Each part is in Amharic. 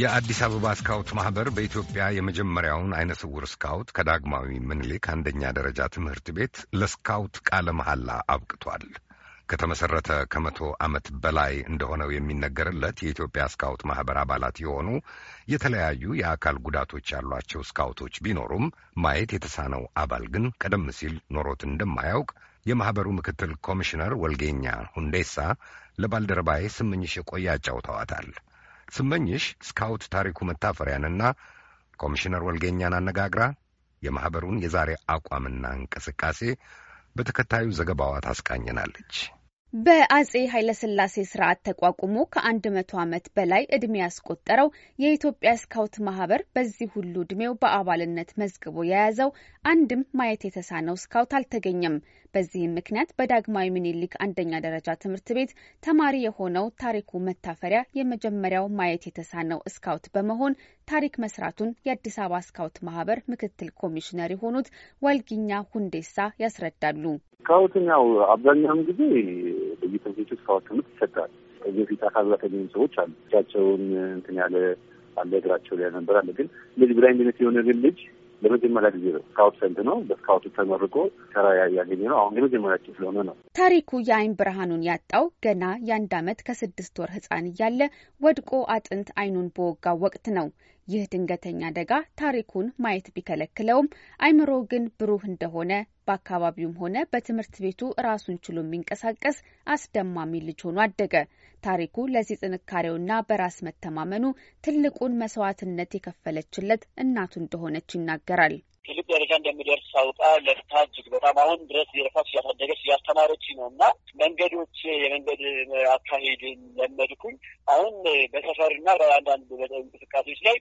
የአዲስ አበባ ስካውት ማህበር በኢትዮጵያ የመጀመሪያውን አይነ ስውር ስካውት ከዳግማዊ ምኒልክ አንደኛ ደረጃ ትምህርት ቤት ለስካውት ቃለ መሐላ አብቅቷል። ከተመሰረተ ከመቶ ዓመት በላይ እንደሆነው የሚነገርለት የኢትዮጵያ ስካውት ማህበር አባላት የሆኑ የተለያዩ የአካል ጉዳቶች ያሏቸው ስካውቶች ቢኖሩም ማየት የተሳነው አባል ግን ቀደም ሲል ኖሮት እንደማያውቅ የማኅበሩ ምክትል ኮሚሽነር ወልጌኛ ሁንዴሳ ለባልደረባዬ ስመኝሽ የቆየ አጫውተዋታል። ስመኝሽ ስካውት ታሪኩ መታፈሪያንና ኮሚሽነር ወልጌኛን አነጋግራ የማኅበሩን የዛሬ አቋምና እንቅስቃሴ በተከታዩ ዘገባዋ ታስቃኝናለች። በአጼ ኃይለሥላሴ ስርዓት ተቋቁሞ ከአንድ መቶ ዓመት በላይ እድሜ ያስቆጠረው የኢትዮጵያ ስካውት ማህበር በዚህ ሁሉ እድሜው በአባልነት መዝግቦ የያዘው አንድም ማየት የተሳነው ስካውት አልተገኘም። በዚህም ምክንያት በዳግማዊ ምኒልክ አንደኛ ደረጃ ትምህርት ቤት ተማሪ የሆነው ታሪኩ መታፈሪያ የመጀመሪያው ማየት የተሳነው ስካውት በመሆን ታሪክ መስራቱን የአዲስ አበባ ስካውት ማህበር ምክትል ኮሚሽነር የሆኑት ወልጊኛ ሁንዴሳ ያስረዳሉ። ስካውትን ያው አብዛኛውን ጊዜ በየተቤቱ ስካውት ትምህርት ይሰጣል። ከዚህ በፊት አካል ጉዳተኛ ሰዎች አሉ። እጃቸውን እንትን ያለ አለ፣ እግራቸው ላይ ነበር አለ። ግን ልጅ ብላይንድነት የሆነ ግን ልጅ ለመጀመሪያ ጊዜ ነው ስካውት ሰንት ነው በስካውቱ ተመርቆ ስራ ያገኘ ነው። አሁን የመጀመሪያችን ስለሆነ ነው። ታሪኩ የአይን ብርሃኑን ያጣው ገና የአንድ አመት ከስድስት ወር ህጻን እያለ ወድቆ አጥንት አይኑን በወጋው ወቅት ነው። ይህ ድንገተኛ አደጋ ታሪኩን ማየት ቢከለክለውም አይምሮ ግን ብሩህ እንደሆነ በአካባቢውም ሆነ በትምህርት ቤቱ ራሱን ችሎ የሚንቀሳቀስ አስደማሚ ልጅ ሆኖ አደገ። ታሪኩ ለዚህ ጥንካሬውና በራስ መተማመኑ ትልቁን መስዋዕትነት የከፈለችለት እናቱ እንደሆነች ይናገራል። ደረጃ እንደሚደርስ አውጣ ለፍታ እጅግ በጣም አሁን ድረስ የረፋት እያሳደገች እያስተማረች ነው እና መንገዶች የመንገድ አካሄድ ለመድኩኝ። አሁን በሰፈርና በአንዳንድ እንቅስቃሴዎች ላይ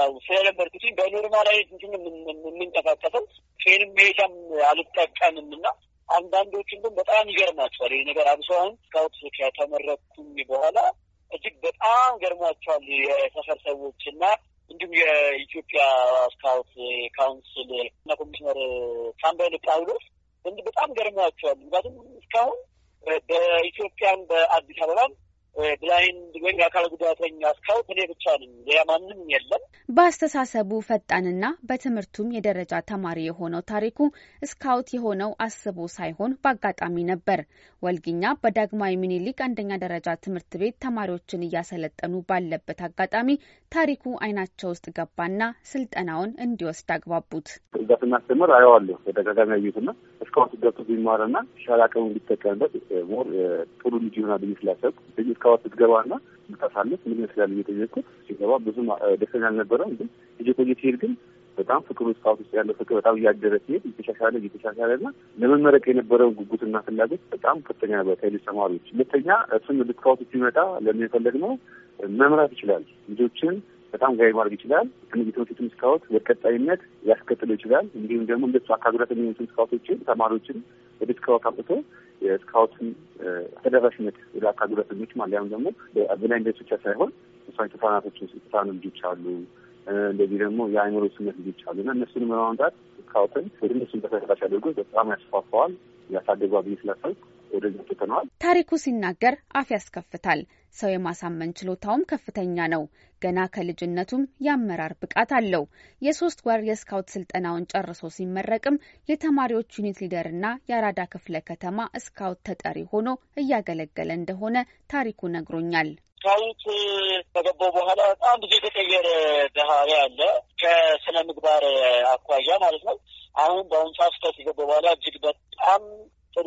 ያው ስለለመድኩትኝ ላይ እንትን የምንቀሳቀሰው ፌንም ሜሻም አልጠቀምም እና አንዳንዶችን ግን በጣም ይገርማቸዋል ይህ ነገር አብሶ አሁን ስካውት ከተመረኩኝ በኋላ እጅግ በጣም ገርሟቸዋል የሰፈር ሰዎች እና እንዲሁም የኢትዮጵያ ስካውት ካውንስል እና ኮሚሽነር ሳምበል ጳውሎስ እንዲህ በጣም ገርሟቸዋል። ምክንያቱም እስካሁን በኢትዮጵያን በአዲስ አበባም ብላይንድ ወይም የአካል ጉዳተኛ እስካሁን እኔ ብቻ ነኝ፣ ሌላ ማንም የለም። በአስተሳሰቡ ፈጣንና በትምህርቱም የደረጃ ተማሪ የሆነው ታሪኩ ስካውት የሆነው አስቦ ሳይሆን በአጋጣሚ ነበር። ወልግኛ በዳግማዊ ምኒልክ አንደኛ ደረጃ ትምህርት ቤት ተማሪዎችን እያሰለጠኑ ባለበት አጋጣሚ ታሪኩ አይናቸው ውስጥ ገባና ስልጠናውን እንዲወስድ አግባቡት። እዛ ስናስተምር አየዋለሁ በተደጋጋሚ ያዩትና እስካሁን ገብቶ ቢማረና ሻላቀሙ ቢጠቀምበት ሞር ጥሩ ልጅ ይሆናል ስላሰብ እስካወር ስትገባና ምታሳልፍ ምን ይመስላል እየጠየቅኩት ሲገባ ብዙም ደስተኛ አልነበረም። ግን እየቆየ ሲሄድ ግን በጣም ፍቅሩ ስካውት ውስጥ ያለው ፍቅር በጣም እያደረ ሲሄድ እየተሻሻለ እየተሻሻለ ና ለመመረቅ የነበረው ጉጉትና ፍላጎት በጣም ከፍተኛ ነበር ከሌሎች ተማሪዎች። ሁለተኛ እሱን ስካውት ሲመጣ ለምን የፈለግ ነው መምራት ይችላል ልጆችን በጣም ጋይ ማድረግ ይችላል። ትምህርቱን ስካውት በቀጣይነት ያስከትለው ይችላል። እንዲሁም ደግሞ እንደሱ አካግረት የሚሆኑትን ስካውቶችን ተማሪዎችን ወደ ስካውት አምጥቶ የስካውትን ተደራሽነት ለአካል ጉዳተኞች ማለት ያሁን ደግሞ በብላይንድነስ ብቻ ሳይሆን እሷን ተሳናቶች ተሳኑ ልጆች አሉ። እንደዚህ ደግሞ የአእምሮ ስነት ልጆች አሉ እና እነሱንም ለማምጣት ስካውትን ወደ እነሱን ተደራሽ አድርጎ በጣም ያስፋፋዋል ያሳደጓ ብዬ ስላሰብኩ ወደዛ ትተነዋል። ታሪኩ ሲናገር አፍ ያስከፍታል። ሰው የማሳመን ችሎታውም ከፍተኛ ነው። ገና ከልጅነቱም የአመራር ብቃት አለው። የሶስት ወር የስካውት ስልጠናውን ጨርሶ ሲመረቅም የተማሪዎች ዩኒት ሊደርና የአራዳ ክፍለ ከተማ ስካውት ተጠሪ ሆኖ እያገለገለ እንደሆነ ታሪኩ ነግሮኛል። ስካውት ከገባው በኋላ በጣም ብዙ የተቀየረ ባህሪ አለ፣ ከስነ ምግባር አኳያ ማለት ነው። አሁን በአሁን ሰዓት ስካውት ከገባው በኋላ እጅግ በጣም ጥሩ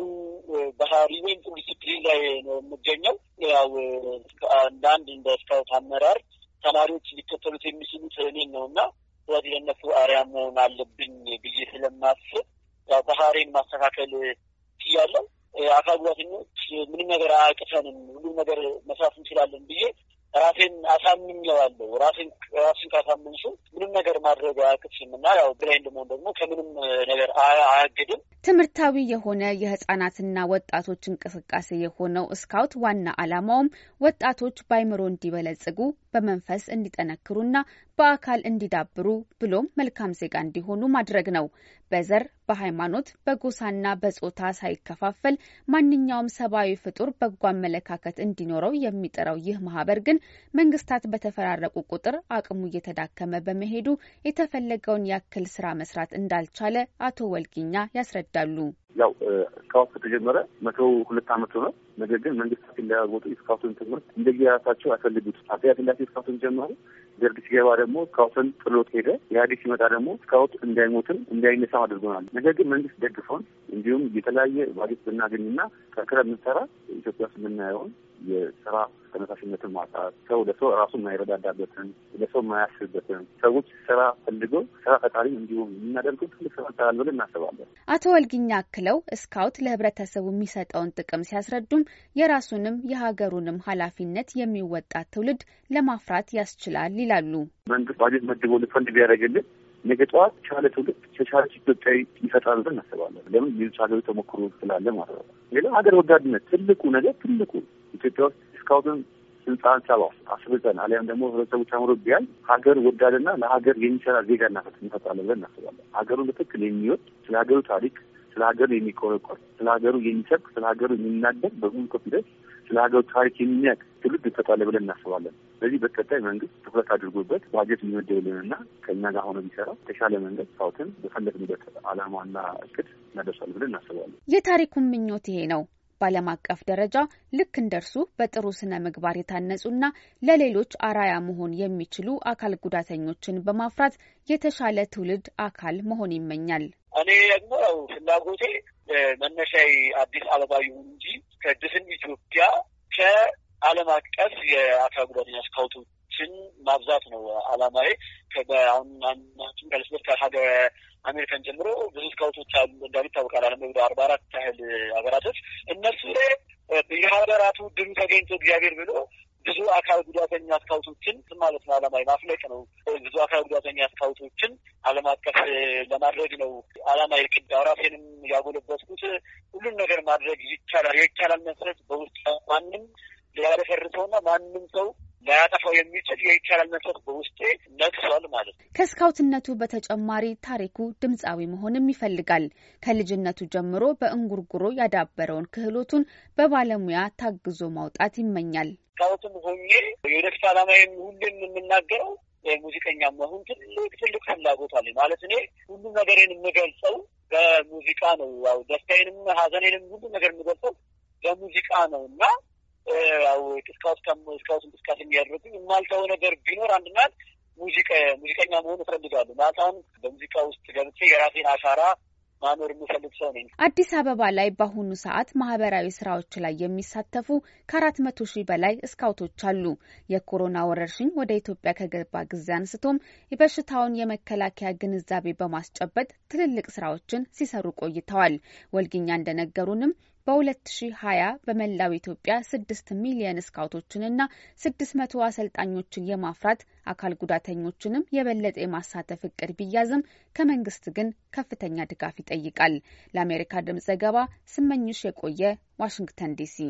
ባህሪ ወይም ጥሩ ዲስፕሊን ላይ ነው የምገኘው። ያው አንዳንድ እንደ ስካውት አመራር ተማሪዎች ሊከተሉት የሚችሉት እኔን ነው እና ስለዚህ ለእነሱ አርያ መሆን አለብኝ ብዬ ስለማስብ ያው ባህሬን ማስተካከል ትያለው። አካል ጉዳተኞች ምንም ነገር አያቅተንም፣ ሁሉም ነገር መስራት እንችላለን ብዬ ራሴን አሳምኘዋለሁ። ራሴን ራሴን ሱ ምንም ነገር ማድረግ አያቅትም እና ያው ብላይንድ መሆን ደግሞ ከምንም ነገር አያግድም። ትምህርታዊ የሆነ የህጻናትና ወጣቶች እንቅስቃሴ የሆነው ስካውት ዋና ዓላማውም ወጣቶች በአይምሮ እንዲበለጽጉ በመንፈስ እንዲጠነክሩና በአካል እንዲዳብሩ ብሎም መልካም ዜጋ እንዲሆኑ ማድረግ ነው። በዘር በሃይማኖት፣ በጎሳና በጾታ ሳይከፋፈል ማንኛውም ሰብአዊ ፍጡር በጎ አመለካከት እንዲኖረው የሚጥረው ይህ ማህበር ግን መንግስታት በተፈራረቁ ቁጥር አቅሙ እየተዳከመ በመሄዱ የተፈለገውን ያክል ስራ መስራት እንዳልቻለ አቶ ወልጊኛ ያስረዳሉ። ያው እስካሁን ከተጀመረ መቶ ሁለት አመቱ ነው። ነገር ግን መንግስታት እንዳያወጡ የስካቱን ትምህርት እንደየራሳቸው ያፈልጉት አጼ ኃይለ ሥላሴ ጀመሩ። ደርግ ሲገባ ደግሞ ስካውትን ጥሎት ሄደ። ኢህአዴግ ሲመጣ ደግሞ ስካውት እንዳይሞትም እንዳይነሳም አድርጎናል። ነገር ግን መንግስት ደግፎን እንዲሁም የተለያየ ባጀት ብናገኝና ጠንክረን ብንሰራ ኢትዮጵያ ውስጥ የምናየውን የስራ ተነሳሽነትን ማጣት፣ ሰው ለሰው ራሱ የማይረዳዳበትን ለሰው የማያስብበትን ሰዎች ስራ ፈልገው ስራ ፈጣሪ እንዲሁም የሚያደርገው ትልቅ ስራ ይሰራል ብለን እናስባለን። አቶ ወልግኛ አክለው ስካውት ለህብረተሰቡ የሚሰጠውን ጥቅም ሲያስረዱም የራሱንም የሀገሩንም ኃላፊነት የሚወጣ ትውልድ ለማፍራት ያስችላል ይላሉ። መንግስት ባጀት መድቦ ልፈንድ ቢያደርግልን ነገ ጠዋት ቻለ ትውልድ ተቻለች ኢትዮጵያዊ ይፈጥራል ብለን እናስባለን። ለምን ሌሎች ሀገሮች ተሞክሮ ስላለ ማለት ነው። ሌላ ሀገር ወዳድነት ትልቁ ነገር ትልቁ ኢትዮጵያ ውስጥ እስካሁን ስልጣን ሰባው አስብጠን አሊያም ደግሞ ህብረተሰቡ ተምሮ ቢያል ሀገር ወዳድና ለሀገር የሚሰራ ዜጋ እናፈት እንፈጥራለን ብለን እናስባለን። ሀገሩን በትክክል የሚወድ ስለ ሀገሩ ታሪክ፣ ስለ ሀገሩ የሚቆረቆር፣ ስለ ሀገሩ የሚሰብክ፣ ስለ ሀገሩ የሚናገር በሁሉ ደስ ስለ ሀገሩ ታሪክ የሚያቅ ትውልድ እንፈጥራለን ብለን እናስባለን። ስለዚህ በቀጣይ መንግስት ትኩረት አድርጎበት ባጀት ሊመደብልንና ከእኛ ጋር ሆኖ ቢሰራ የተሻለ መንገድ ሳውትን በፈለግንበት አላማና እቅድ እናደርሳለን ብለን እናስባለን። የታሪኩን ምኞት ይሄ ነው። በዓለም አቀፍ ደረጃ ልክ እንደርሱ በጥሩ ስነ ምግባር የታነጹና ለሌሎች አራያ መሆን የሚችሉ አካል ጉዳተኞችን በማፍራት የተሻለ ትውልድ አካል መሆን ይመኛል። እኔ ደግሞ ያው ፍላጎቴ መነሻዬ አዲስ አበባ ይሁን እንጂ ከድፍን ኢትዮጵያ ከዓለም አቀፍ የአካል ጉዳተኛ ስካውቶች ሀገሮችን ማብዛት ነው አላማዬ። አሁን ከልስበት ከሀገ አሜሪካን ጀምሮ ብዙ ስካውቶች አሉ እንደሚታወቃል፣ ዓለም ብሎ አርባ አራት ያህል ሀገራቶች እነሱ ላይ የሀገራቱ ድም ተገኝቶ እግዚአብሔር ብሎ ብዙ አካል ጉዳተኛ ስካውቶችን ማለት ነው አላማዊ ማፍለቅ ነው። ብዙ አካል ጉዳተኛ ስካውቶችን ዓለም አቀፍ ለማድረግ ነው አላማ ቅድ ራሴንም ያጎለበትኩት ሁሉን ነገር ማድረግ ይቻላል። የይቻላል መሰረት በውስጥ ማንም ያለፈርሰውና ማንም ሰው ሊያጠፋው የሚችል የይቻላል መንፈስ በውስጤ ነግሷል ማለት ነው። ከስካውትነቱ በተጨማሪ ታሪኩ ድምፃዊ መሆንም ይፈልጋል። ከልጅነቱ ጀምሮ በእንጉርጉሮ ያዳበረውን ክህሎቱን በባለሙያ ታግዞ ማውጣት ይመኛል። ስካውትም ሆኜ የወደፊት ዓላማዬም ሁሌም የምናገረው ሙዚቀኛ መሆን ትልቅ ትልቅ ፍላጎት አለኝ። ማለት እኔ ሁሉም ነገሬን የምገልጸው በሙዚቃ ነው። ያው ደስታዬንም ሀዘኔንም ሁሉ ነገር የምገልጸው በሙዚቃ ነው እና ያው እስካሁን ከም እንቅስቃሴ የሚያደርጉ የማልተው ነገር ቢኖር አንድናት ሙዚቃ ሙዚቀኛ መሆን እፈልጋለሁ። ማለት በሙዚቃ ውስጥ ገብቼ የራሴን አሻራ ማኖር የምፈልግ ሰው ነኝ። አዲስ አበባ ላይ በአሁኑ ሰዓት ማህበራዊ ስራዎች ላይ የሚሳተፉ ከአራት መቶ ሺህ በላይ እስካውቶች አሉ። የኮሮና ወረርሽኝ ወደ ኢትዮጵያ ከገባ ጊዜ አንስቶም የበሽታውን የመከላከያ ግንዛቤ በማስጨበጥ ትልልቅ ስራዎችን ሲሰሩ ቆይተዋል። ወልግኛ እንደነገሩንም በ2020 በመላው ኢትዮጵያ 6 ሚሊየን ስካውቶችንና 600 አሰልጣኞችን የማፍራት አካል ጉዳተኞችንም የበለጠ የማሳተፍ እቅድ ቢያዝም ከመንግስት ግን ከፍተኛ ድጋፍ ይጠይቃል። ለአሜሪካ ድምጽ ዘገባ ስመኝሽ የቆየ ዋሽንግተን ዲሲ